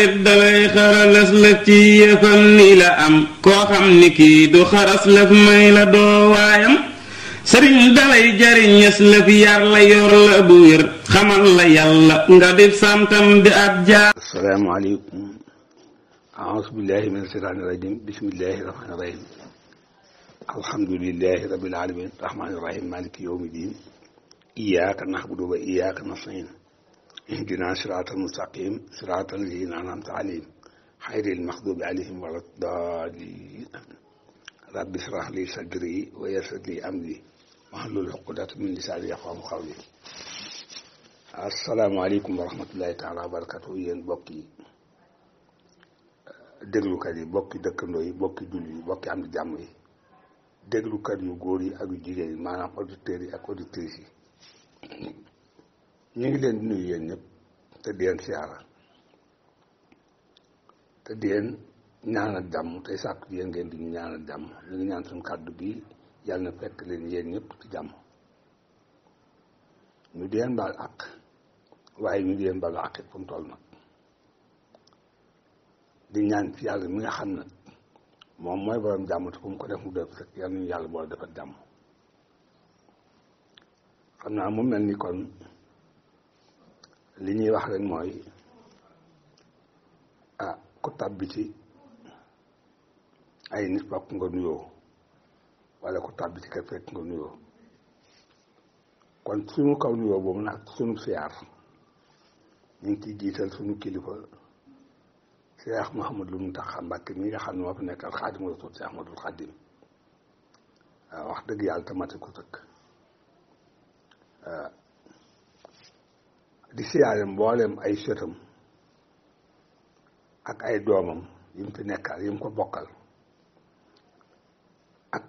it damay xaral lëf ci yëfam ni la am koo xam ni kii du xaras lëf may la doo waayam sëriñ dalay jariñ ñes lëf yar la yor la bu wér xamal la yàlla nga def santam di ab jaar asalaamaaleykum أعوذ بالله من الشيطان الرجيم بسم الله الرحمن الرحيم الحمد لله رب العالمين الرحمن الرحيم مالك يوم الدين إياك نعبد وإياك نستعين ihdina siraatal mustaqim siraatal liin anamta alayhim xayril maxdubi alayhim wala daalin rabbi shrah li sadri wa yassir li amri wahlul uqdata min lisaani yafqahu qawli asalaamaaleykum wa rahmatullahi taala wa barakatu yéen bokki déglukat yi bokki dëkkandoo yi bokki julli yi bokki am di jàmm yi déglukat yu góor yi ak yu jigéen yi maanaam auditeurs yi ak auditrices yi ñu ngi leen di nuyu yéen ñëpp te di leen siyaara te di leen ñaanal jàmm tey sàkk ci yéen ngeen di ñaanal jàmm li ngi ñaan suñu kàddu bi yàlla na fekk leen yéen ñëpp ci jàmm ñu di leen baal àq waaye ñu di leen baal àq fu mu toll di ñaan ci yàlla mi nga xam ne moom mooy borom jàmm te fu mu ko def mu def rek yal nañu yàlla boole defal jàmm xam naa mu mel ni kon. لني واحد معي كتب بيتي أي نسبة كنغنيو ولا كتب بيتي كتب كنغنيو كون سنو كونيو بومنا سنو سيار نينتي جيتل سنو كيلفة سيار محمد لون تخام باكي ميرا خانو وفنة الخادم وصول سيار محمد الخادم واحد دقي على تماتي كتك أه di siyaare mboolem ay sëtam ak ay doomam yi mu fi nekkal yi mu ko bokkal ak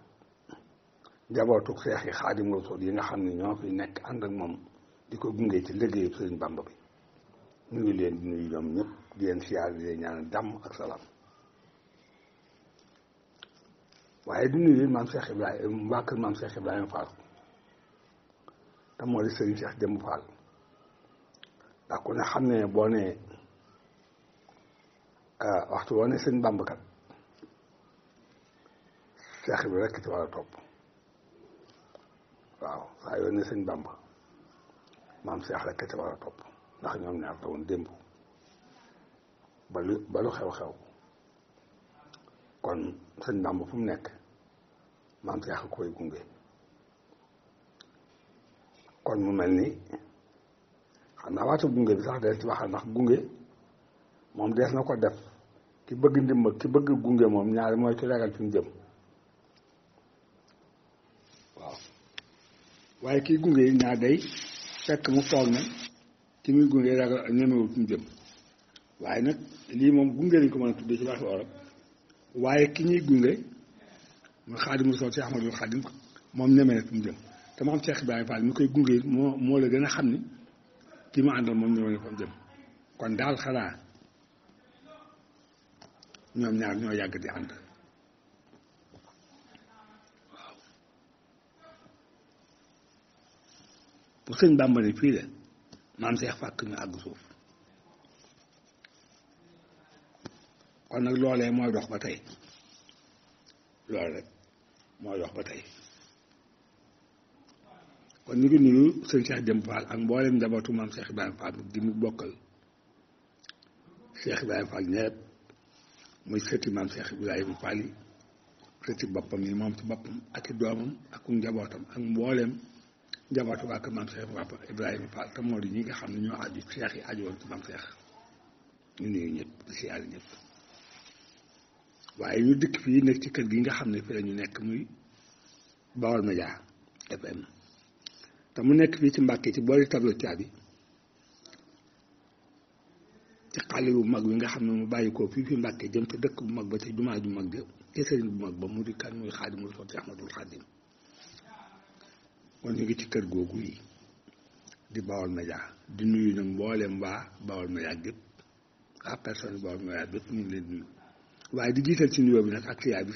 njabootu seex yi xaadim sol yi nga xam ne ñoo fi nekk ànd ak moom di ko gunge ci liggéeyu sëriñ Bamba bi ñu ngi leen di nuyu ñoom ñëpp di leen siyaare di ñaan jàmm ak salaam waaye di nuyu maam Cheikh Ibrahima waa kër maam Cheikh Ibrahima Fall te moo di sëriñ Cheikh Jëmb Fall ndax ku ne xam ne boo nee ah, waxtu wone ne sëñ Bàmba kat seex bi rekk ci war topp waaw saa yoo ne sëñ Bàmba maam seex rekk ci war a topp ndax ñoom ñaar la woon démb ba xew-xew kon sëñ Bàmba fu mu nekk maam seex a koy gunge kon mu mel ni xam naa waatu gunge bi sax dana ci waxal ndax gunge moom dees na ko def ki bëgg ndimbal ki bëgg gunge moom ñaar mooy ki ragal fi jëm waaw waaye kii gunge yi ñaar day fekk mu toog na ki muy gunge ragal ñemewul fi jëm waaye nag lii moom gunge lañ ko mën a tuddee ci waxi orab waaye ki ñuy gunge mu xaadimu rasul ci Ahmadul Xaadim moom ñeme na fi mu jëm te ma xam Cheikh Ibrahima Fall mi koy gunge moo moo la gën a xam ni ki ma àndal moom ñoo ko jëm kon daal xanaa ñoom ñaar ñoo yàgg di ànd waaw bu sëñ Bàmba ne fii de maam seex fàkk ñu àgg suuf kon nag loolee mooy dox ba tey loolu rek mooy dox ba tey kon ñu ngi nuyu sëñ Cheikh Jëm ak mboolem njabootu maam Cheikh Ibrahima Fall di mu bokkal Cheikh Ibrahima Fall ñeet muy sëti maam Cheikh Ibrahima Fall ci boppam ak i njabootam ak mboolem njabootu waa kër maam Cheikh ñi nga xam ne ñoo aju seex yi aju woon ñu nuyu ñëpp di siyaare waaye ñu dëkk fii nekk ci kër gi nga xam ne fi ñu nekk muy Baol Média te mu nekk fii ci Mbàkke ci boori tableau tia bi ci xale bu mag bi nga xam ne mu bàyyi koo fii fi Mbàkke jëm te dëkk bu mag ba te jumaa ju mag ja te sëriñ bu mag ba mu di kan muy xaadimul sotti Ahmadul Xaadim kon ñu ngi ci kër googu di Baol Médias di nuyu nag mbooleem waa Baol Médias gépp waa personne Baol leen nuyu waaye ci nuyoo bi nag ak tiyaa bi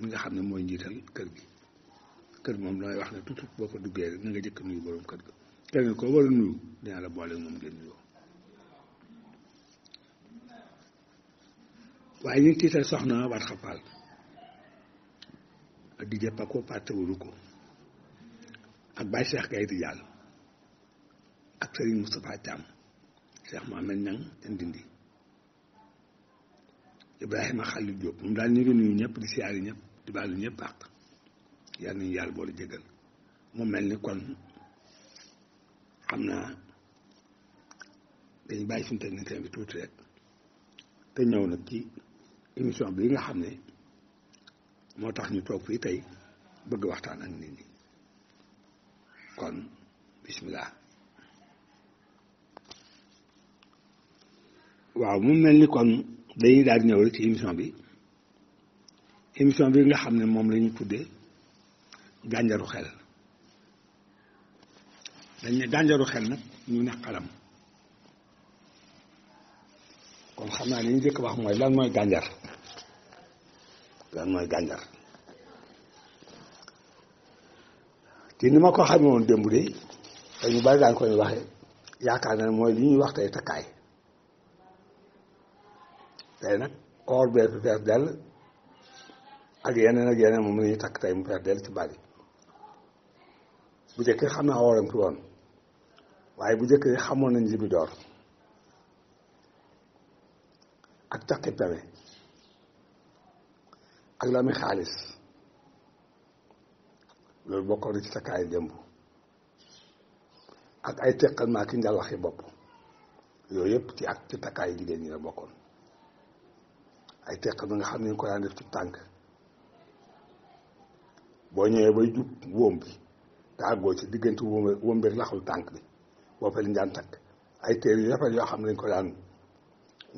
mi nga xam ne mooy njiital kër gi kër moom lay wax ne tutut boo ko duggee rek na nga jëkk nuyu borom kër ga kenn ko war a nuyu dina la boole moom ngeen nuyoo waaye ñu tiital soxna waat xapaal ak di jëpp ko pàttewulu ko ak Baye Cheikh Gaye di jàll ak Serigne Moustapha Thiam Cheikh Mohamed Niang te Ndindi Ibrahima Khalil Diop moom daal ñu ngi nuyu ñëpp di siyaari ñëpp di baalu ñëpp àq yàlla nañu yàlla boole jégal mu mel ni kon xam naa dañu bàyyi suñu technicien bi tuuti rek te ñëw nag ci émission bi nga xam ne moo tax ñu toog fii tey bëgg waxtaan ak nit waaw mu mel ni kon dañuy daal di ñëw rek ci émission bi émission bi nga xam ne moom lañu ñu gànjaru xel dañ ne xel nag ñu ne xalam kon xam naa li ñu njëkk wax mooy lan mooy gànjar lan mooy gànjar te ni ma ko xamee woon démb de te ñu bari daan koy waxee yaakaar na mooy li ñuy wax tey takkaay tey nag or bee fi fees dell ak yeneen ak yeneen moom la ñuy takk tey mu fees dell ci bari bu njëkk xam naa warantu woon waaye bu njëkk xamoon nañ li bi ak taqi pewe ak la mi xaalis loolu bokkoon na ci takkaayu démb ak ay teqal maa ki njàllaxi bopp yooyu yëpp ci ak ci takkaayu jigéen ñi la bokkoon ay teqal ma nga xam ne ñu ko daan def ci tànk boo ñëwee bay jub wóom bi te àggoo ci diggante wómbir laxul tànk bi boo fa daan takk ay teer yu yoo xam ne dañ ko daan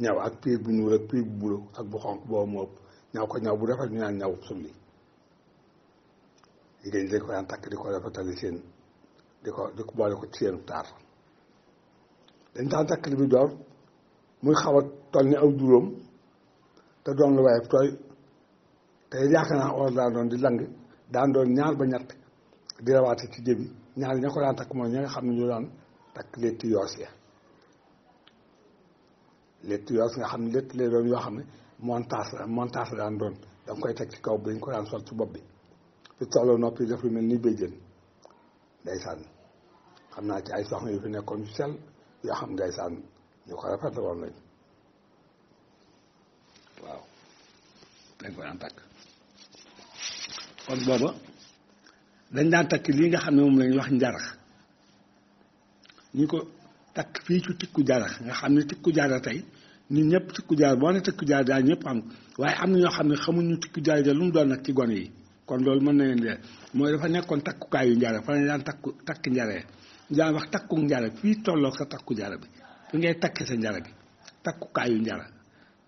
ñaw ak piir bu ñuul ak piir bu bulo ak bu xonk boobu moo ëpp ñaw ko ñaw bu rafet ñu naan ñaw sulli jigéen ñi dañ ko daan takk di ko rafetali seen di ko di ko ko ci seenu taar dañ daan takk li bi door muy xaw a toll ni aw juróom te doon la waaye tooy te yaakaar naa or daa doon di lang daan doon ñaar ba ñett di rawaate ci jëbi ñaar ña ko daan takk mooy ña nga xam ne ñoo daan takk létt yoos ya létt yoos nga xam ne létt lay doon yoo xam ne montage la montage la daan doon da nga koy teg ci kaw bi dañ ko daan sol ci bopp bi fi tolloo noppi def lu mel ni béjjën day sànn xam naa ci ay soxna yu fi nekkoon yu sel yoo xam day sànn ñu ko daan takk kon booba dañ daan takk lii nga xam ne moom lañuy wax njarax ñu ko takk fii ci tikku jara nga xam ne tikku jara tey ñun ñëpp tikku jaar boo ne tikku jaar daal ñëpp am waaye am na ñoo xam ne xamuñu tikku jaar ja lu mu doon nag ci gone yi kon loolu mën na leen de mooy dafa nekkoon takkukaayu njare fa lañ daan takku takk njare ñu wax takku njare fii tolloo sa takku njara bi fu ngay takki sa njara bi takkukaayu njara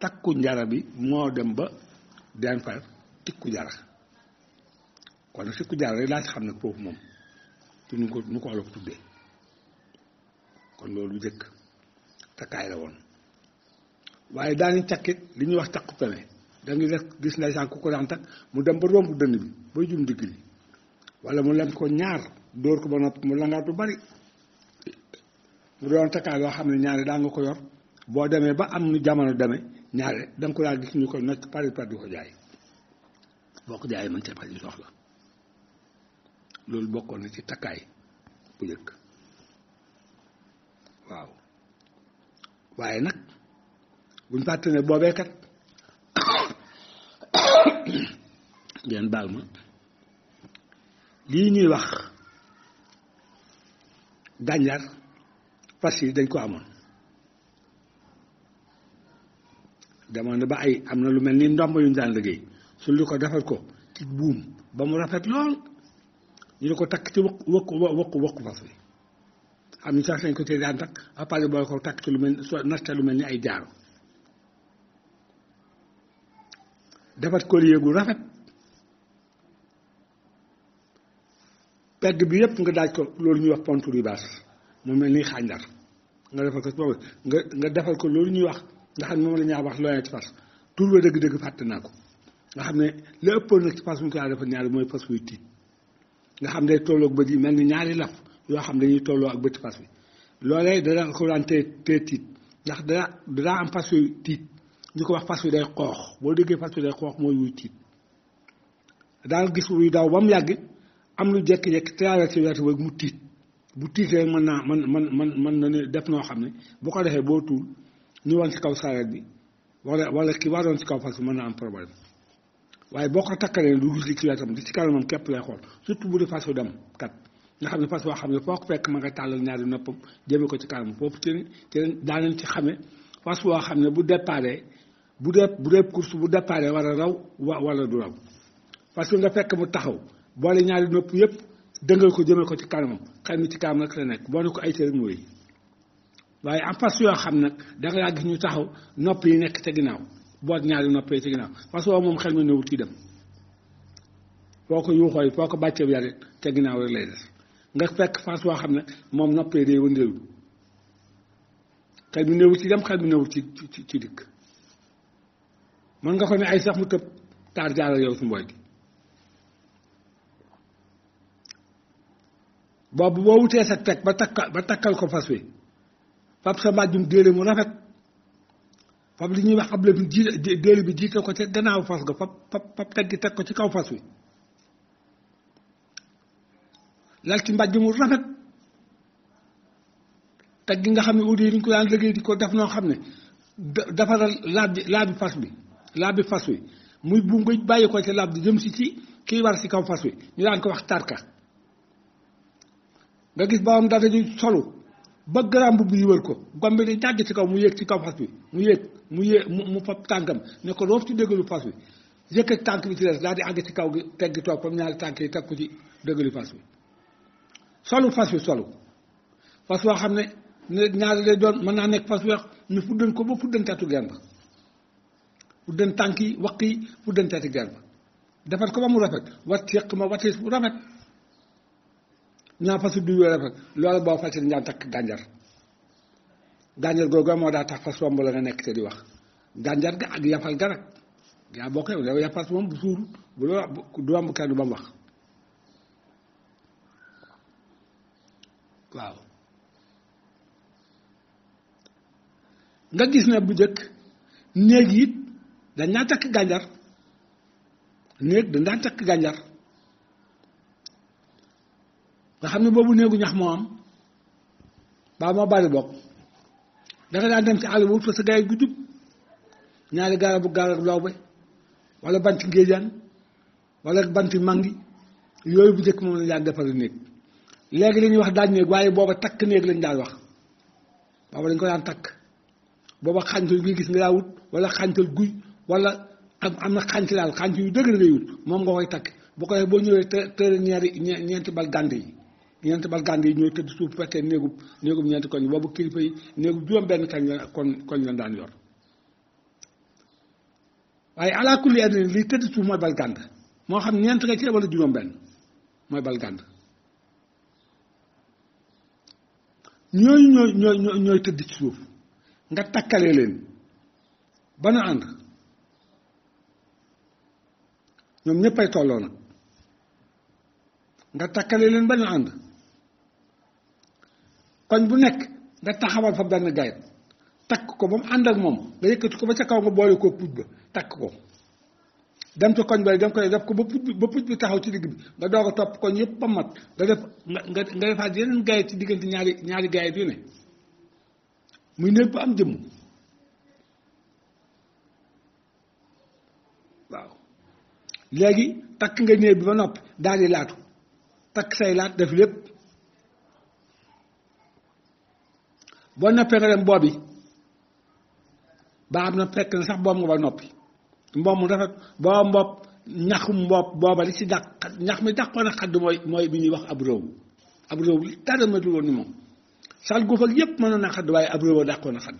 takku njara bi moo dem ba den far tikku jara kon nag sëkku jaar rek laa ci xam ne foofu moom te ñu ko ñu ko olof tuddee kon loolu lu jëkk takkaay la woon waaye daani takkit li ñuy wax takku peme da ngay gis ndeysaan ku ko daan takk mu dem ba romb dënn bi bay jum digg li wala mu lem ko ñaar dóor ko ba noppi mu langaat lu bari mu doon takkaay loo xam ne ñaare daa nga ko yor boo demee ba am nu jamono demee ñaare da ko daal gis ñu ko nocc pari pari di ko jaay boo ko jaayee mën cee faj soxla loolu bokkoon na ci takkaay bu njëkk waaw waaye nag buñ fàtte ne boobee kat ngeen baal ma lii ñuy wax gànjar fas yi dañ ko amoon demoon na ba ay am na lu mel ni ndomb yu ñu daan liggéey su lu ko defar ko ci buum ba mu rafet lool ñu ne ko takk ci wëq wokk wëq wëq fas bi xam ni sax dañ ko tey daan takk appareil booy ko takk ci lu mel nasta lu mel ni ay jaaro defat collier gu rafet pegg bi yëpp nga daaj ko loolu ñuy wax ponture yu baas mu mel ni xànjar nga defal ko boobu nga nga defal ko loolu ñuy wax nga xam ne moom la ñaa wax looyee ci fas tur ba dëgg-dëgg fàtte naa ko nga xam ne la ëppoon nag ci fas mu ko daa defal ñaari mooy fas wuy tiit nga xam day tolloog bët yi mel ni ñaari laf yoo xam dañuy tolloo ak bëti fas bi loolee dana alquran te te tiit ndax dana dana am fas yu tiit ñu ko wax fas wi day xoox boo déggee fas wi day xoox mooy wuy tiit daal gis wuy daw ba mu yàgg am lu jekki-jekki traversé wetu ba mu tiit bu tiitee mën naa man man man mën na ne def noo xam ne bu ko defee boo tuul ñu woon ci kaw saret bi wala wala ki waroon ci kaw fas bi mën naa am problème waaye boo ko takkalee lu gis li ci wetam li ci kanamam képp lay xool surtout bu di dem kat nga xam ne fas boo xam ne foo ko fekk ma nga tàllal ñaari noppam jëme ko ci kanam foofu ci ci daanañ ci xame fas boo xam ne bu déparé bu dee bu dee course bu déparé war a raw wa wala du raw parce que nga fekk mu taxaw boole ñaari nopp yépp dëngal ko jëme ko ci kanamam xel mi ci kanam la nekk boo ne ko ay tëri mooy waaye en face yoo xam nag da nga gis ñu taxaw nopp yi nekk ca ginnaaw bu ak ñaari noppee ci ginnaaw parce que moom xel ma néewul ci dem foo ko yuuxooy foo ko bàccee bi yàgg ca ginnaaw rek lay des nga fekk face boo xam ne moom noppee day wëndeelu xel mi néewul ci dem xel mi néewul ci ci ci dikk mën nga ko ne ay sax mu tëb taar jaaral yow su mbooy gi boobu boo wutee sa teg ba takka ba takkal ko fas wi fab sa mbàjjum déere mu rafet fab li ñuy wax ab la ji déelu bi jiite ko ca gannaaw fas ga fab fab fab teg gi teg ko ci kaw fas wi lal ci mbàjj mu rafet teg gi nga xam ne audi yi ñu ko daan liggéey di ko def noo xam ne defaral laab bi laab bi fas bi laab bi fas wi muy bu nga bàyyi ko ci laab bi jëm si ci kii war si kaw fas wi ñu daan ko wax tarka nga gis baam dara ju solu ba garaam bu yi wër ko gombe di jàgg ci kaw mu yéeg ci kaw fas bi mu yéeg mu yéeg mu fab tànkam ne ko roof ci dëggalu fas bi ak tànk bi ci des daal di àgg ci kaw gi teggi toog fam ñaari tànk yi teg ko ci dëggalu fas bi solu fas bi solu fas woo xam ne ne ñaari lay doon mën naa nekk fas weex ñu fuddan ko ba fuddan tatu geen ba fuddan tànk yi waq yi fuddan tatu geen ba defar ko ba mu rafet wat yëq ma watis bu rafet naa fas du yore rek lool bo fa ci ñaan tak ganjar ganjar gogo mo da tax fa romb la nga nek te di wax ganjar ga ak yafal ga rek ya bokk yow yafal mom bu suur bu lo du am kaddu ba wax waaw nga gis na bu jekk neeg it dañ na tak ganjar neeg dañ na tak ganjar nga xam ne boobu néegu ñax moo am baa moo bari bokk danga daan dem ci àll ba wut fa sa gaay gu jub ñaari gaarabu gaarab lawbe wala banti ngéejaan wala banti mangi yooyu bu njëkk moom lañ daan defar néeg léegi lañuy wax daaj néeg waaye booba takk néeg lañ daan wax booba dañ ko daan takk booba xàntal gi gis nga daa wut wala xàntal guy wala am am na xànc daal xànc yu dëgër ngay moom nga koy takk bu ko defee boo ñëwee te tëre ñeenti bal yi ñeenti balkaan yi ñooy tëdd suuf fekkee néegub néegub ñeenti koñ boobu kilifa yi néegub juróom-benn kañ la koñ la daan yor waaye ala kulli àddina li tëdd suuf mooy balkand moo xam ñeent nga ci wala juróom-benn mooy balkand ñooy ñooy ñooy ñooy tëdd ci suuf nga takkale leen ba na ànd ñoom ñëppay tolloo nag nga takkale leen ba na ànd. koñ bu nek da taxawal fa ben gayet tak ko ba and ak mom da yekati ko ba ca kaw nga boole ko puj ba tak ko dem ci koñ ba dem ko def ko ba puj ba puj bi taxaw ci digg bi nga doog top topp koñ yëpp ba mat da def nga nga defaat yeneen gayet ci diggante ñaari ñaari gayet yu ne muy néeg am jëmm waaw legi tak nga néeg bi ba noppi daal di laatu tak say laat def lepp boo noppee nga dem boobi ba xam na fekk na sax boob nga ba noppi mbob mu rafet booba mbob ñaxum mbob booba li ci dàq ñax mi dàqoon a xadd mooy bi ñuy wax ab réew ab réew li dara ma dul woon ni xadd waaye ab réew a dàqoon a xadd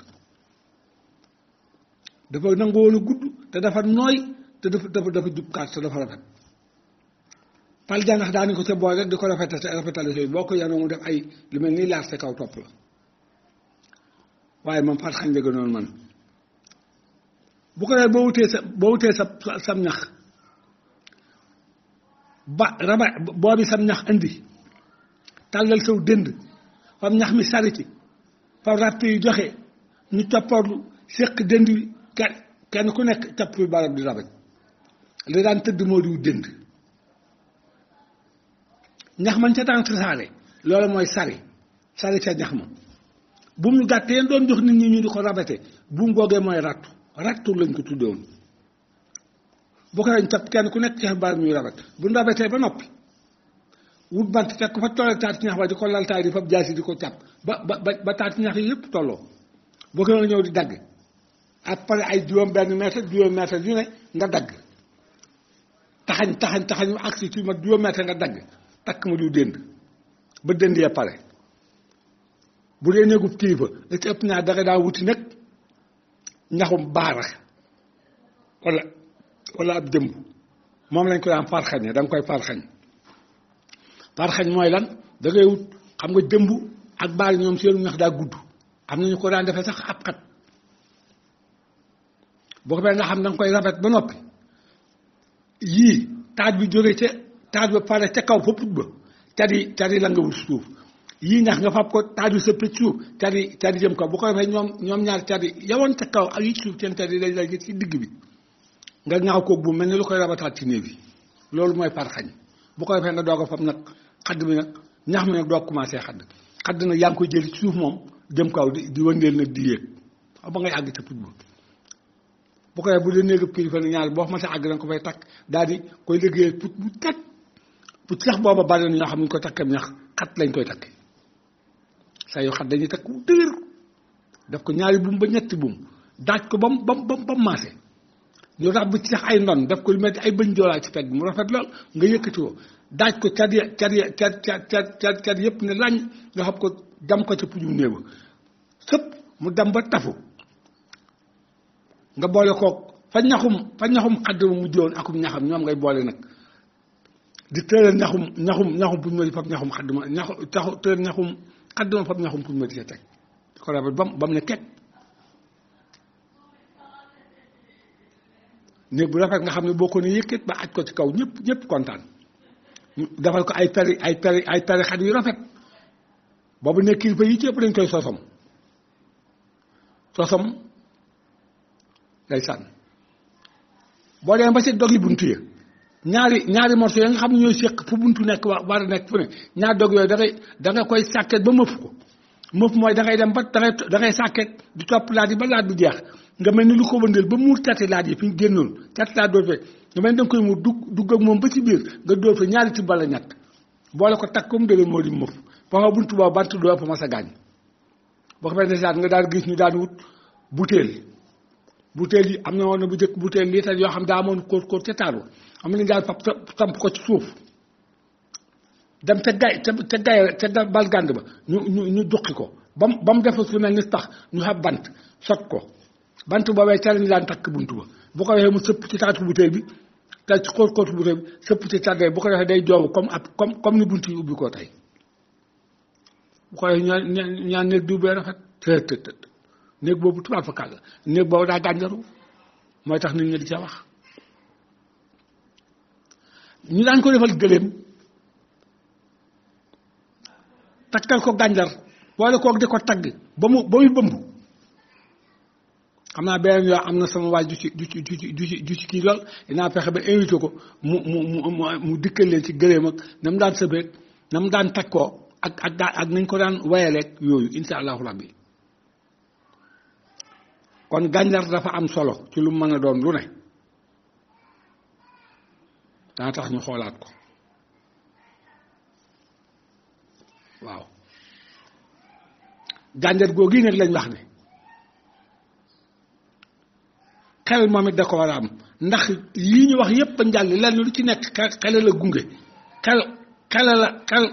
gudd te dafa nooy te dafa dafa dafa jubkaat te dafa rafet pal jàndax ko te bool di ko rafetal te rafetal yooyu def ay lu mel ni laar sa kaw topp la waaye man faat xañ jege noonu man bu ko defee boo wutee sa boo wutee sa sam ñax ba raba boobi sam ñax indi tàllal saw dënd fam ñax mi sariti fam ràpp yi joxe ñu cappoorlu séq dënd wi kenn ku nekk capp fi barab di rabaj li daan tëdd moo diw dënd ñax man ca daan sasaale loolu mooy sari sari ca ñax ma bu mu gàttee doon jox nit ñi ñu di ko rabate bu mu googee mooy rattu rattu lañ ko tuddee woon bu ko dañ cap kenn ku nekk ci xibaar ñuy rabat bu ñu rabatee ba noppi wut bant fekk fa tollee taat ñax ba di ko lal taat yi fab jaasi di ko cap ba ba ba taat ñax yi yépp tolloo bu ko ñëw di dagg après ay juróom benn mètre juróom mètre yu ne nga dagg taxañ taxañ taxañ ak si ci ma juróom mètre nga dagg takk ma du dënd ba dëndee ya pare bu dee néegub kilifa la ci ëpp naa danga daa wuti nag ñaxum baara wala wala ab dëmb moom lañ ko daan farxañe da nga koy farxañ farxañ mooy lan da ngay wut xam nga dëmb ak baal ñoom seenu ñax daa gudd am nañu ko daan defee sax ab xat boo ko nga xam da nga koy rafet ba noppi yii taaj bi jógee ca taaj ba pare ca kaw fa put ba cari cari la nga wut suuf yii ñax nga fab ko taaju sa ci suuf cari cari jëm kaw bu ko defee ñoom ñoom ñaar cari yawoon ca kaw ak yi ci suuf seen cari day daje ci digg bi nga ñaxu koog bu mel ni lu koy rabataat ci néeg loolu mooy par xañ bu ko defee nga doog a fab nag xadd bi nag ñax mi nag doog commencé xadd xadd na yaa ngi koy jël ci suuf moom jëm kaw di di wëndeel nag di yéeg ba ngay àgg ca put bu bu ko defee bu dee néegab kilifa nag ñaar boo xamante àgg da ko fay takk daal koy liggéeyee put bu teg put sax boobu bari na ñoo xam ne ñu ko takkam ñax xat lañ koy takk saa yoo xam dañuy takk bu dëgër def ko ñaari buum ba ñetti buum daaj ko ba mu ba mu ba mu maase ñoo tax bu ci sax ay ndon def ko lu mel ay bëñ joolaa ci pegg mu rafet lool nga yëkkati ko daaj ko car ya car ya car car car yëpp ne lañ nga xam ko dam ko ca pujum néew sëpp mu dem ba tafu nga boole kook fa ñaxum fa ñaxum xadd mu mujjoon akum ñaxam ñoom ngay boole nag di tëral ñaxum ñaxum ñaxum bu ñu fab ñaxum xadd ma ñaxu tëral ñaxum addoon fab ñaxum ku mët ya teg ko rabat bam bam ne néeg bu rafet nga xam ne boo ko ne yëkkat ba aj ko ci kaw ñëpp ñëpp kontaan defal ko ay tari ay tari ay tari xat yu rafet boobu ne kilifa yi ci dañ koy sosom sosom day sànn boo demee ba si dog yi ñaari ñaari morceaux yi nga xam ne ñooy séq fu buntu nekk wa war a nekk fu ne ñaar dog yooyu da ngay da nga koy sàkket ba mëf ko mëf mooy da ngay dem ba da da ngay sàkket di topp laaj yi ba laaj bu jeex nga mel ni lu ko wëndeel ba muur tati laaj yi fi ñu génnoon tati laaj doo fekk nga mel ni da nga koy muur dugg dugg moom ba ci biir nga dóor fa ñaari tibb la ñett boole ko takk comme déloon moo di mëf ba nga buntu boo bant doo fa mas a gaañ boo xam ne nga daan gis ñu daan wut butéel butéel yi am na woon na bu njëkk butéel liitar yoo xam daa amoon kóor kóor ca taar am li daal fab samp ko ci suuf dem ca gay ca gay ca bal gànd ba ñu ñu ñu duqi ko ba mu ba mu defar su mel ni tax ñu xab bant sot ko bant boobee ca lañu daan takk bunt ba bu ko waxee mu sëpp ci taatu butéel bi te ci xóot xóotu butéel bi ci tàddee bu ko defee day jooru comme ab comme comme ni bunt yi ubbi koo tey bu ko waxee ñaan ñaan néeg diw bee rafet tëdd tëdd néeg boobu tubaab fa kàll néeg boobu daa gànjaru mooy tax nit ñi di ca wax ñu daan ko defal gëléem takkal ko gànjar boole kook di ko tagg ba mu ba muy bëmb xam naa beneen yoo am na sama waay du ci du ci du ci kii lool dinaa fexe ba invité ko mu mu mu mu dikkal leen ci gëléem ak na mu daan sëbeeg na mu daan takkoo ak ak ak nañ ko daan wayaleeg yooyu insha allahu rabbi kon gànjar dafa am solo ci lu mën a doon lu ne dana tax ñu xoolaat ko waaw gànjar googu yi nag lañ wax ne xel moom it da ko war a am ndax lii ñu wax yépp njàng lenn lu ci nekk xel la gunge xel xel la xel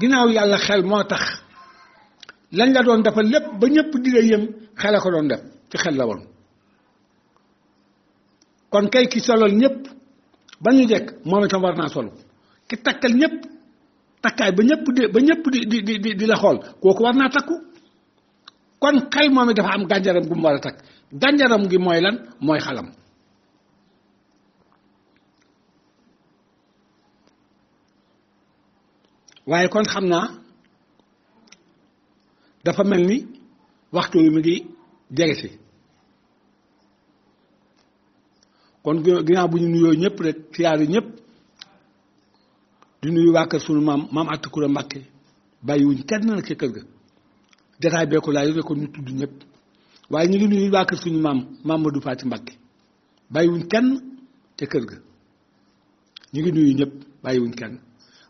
ginnaaw yàlla xel moo tax lañ la doon defal lépp ba ñëpp di la yëm xel a ko doon def ci xel la woon kon kay ki soloon ñëpp ba ñu jekk moom itam war naa solu ki takkal ñëpp takkaay ba ñëpp di ba ñëpp di di di di la xool kooku war naa takku kon xay moom dafa am gànjaram gu mu war a takk gànjaram gi mooy lan mooy xalam waaye kon xam naa dafa mel ni waxtu wi mi ngi jege si kon ginnaaw bu ñu nuyoo ñëpp rek siyaare ñëpp di nuyu waa kër sunu maam maam Atukura Mbàkke bàyyiwuñ kenn nag ca kër ga jataay bee ko laay ko ñu tudd ñëpp waaye ñu ngi nuyu waa suñu maam maam Madou Faati Mbàkke bàyyiwuñ kenn ca kër ga ñu ngi nuyu ñëpp bàyyiwuñ kenn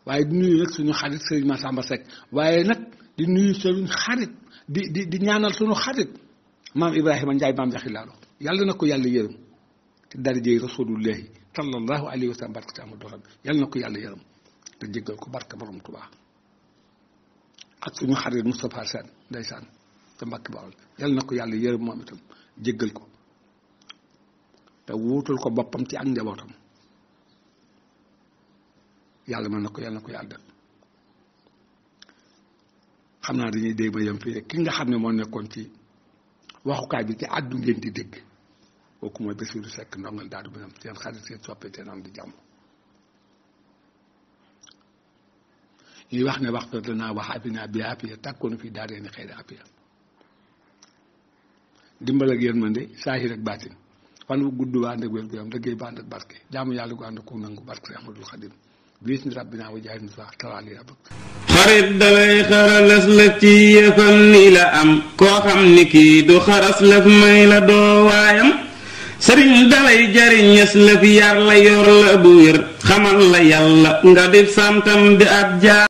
waaye di nuyu nag suñu xarit Sëriñ Masamba Seck waaye nag di nuyu suñu xarit di di di ñaanal suñu xarit maam Ibrahima Njaay maam Jaxi Laalo yàlla na ko yàlla yërëm ci darajey rasulullahi sallallahu alayhi wa sallam barke te amul doxam yàlla na ko yàlla yaram te jéggal ko barke borom Tuubaa ak suñu xarit Moustapha Sène ndeysaan te mbàkki bawal yàlla na ko yàlla yërëm moom itam jéggal ko te wuutul ko boppam ci ak njabootam yàlla man na ko yàlla na ko yàlla def xam naa dañuy dégg ba yem fii ki nga xam ne moo nekkoon ci waxukaay bi ci àddu ngeen di dégg kooku mooy Bassirou Seck ndongal daaru bi nam seen xarit seen soppe seen am di jàmm ñuy wax ne waxtu danaa wax abina bi apiya tàkkoonu fi daaree ni xëy na apiya dimbal ak yërmande saahir ak baatin fan wu gudd waa ndeg wér gu yam liggéey ba ànd ak barke jaamu yàlla gu ànd ak nangu barke si ahmadul xadim biis ni rabbina wa jaay musa talaali rabak xarit dalay xaralës la ci yëfal ni la am koo xam ni kii du xaras lëf may la doo waayam sëriñ dalay jariñ ñes la yar la yor la bu wér xamal la nga di santam di ab jaar